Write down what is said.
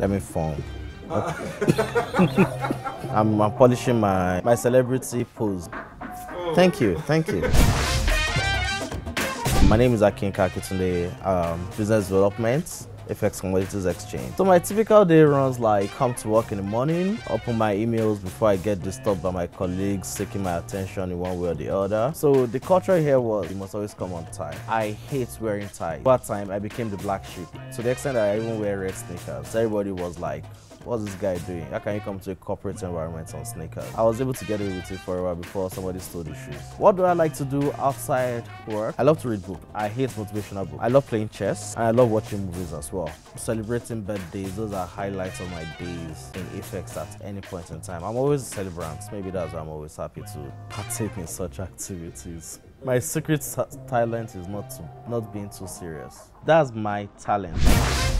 Let me phone. I'm, I'm polishing my, my celebrity pose. Thank you, thank you. my name is Akin Kakitunde, um, Business Development. FX Commodities Exchange. So my typical day runs like come to work in the morning, open my emails before I get disturbed by my colleagues seeking my attention in one way or the other. So the culture here was you must always come on time. I hate wearing tie. Over time, I became the black sheep to the extent that I even wear red sneakers. Everybody was like, what's this guy doing? How can you come to a corporate environment on sneakers? I was able to get away with it for a while before somebody stole the shoes. What do I like to do outside work? I love to read books. I hate motivational books. I love playing chess and I love watching movies as well. Celebrating birthdays, those are highlights of my days in Apex at any point in time. I'm always a celebrant. Maybe that's why I'm always happy to partake in such activities my secret talent is not to, not being too serious. That's my talent.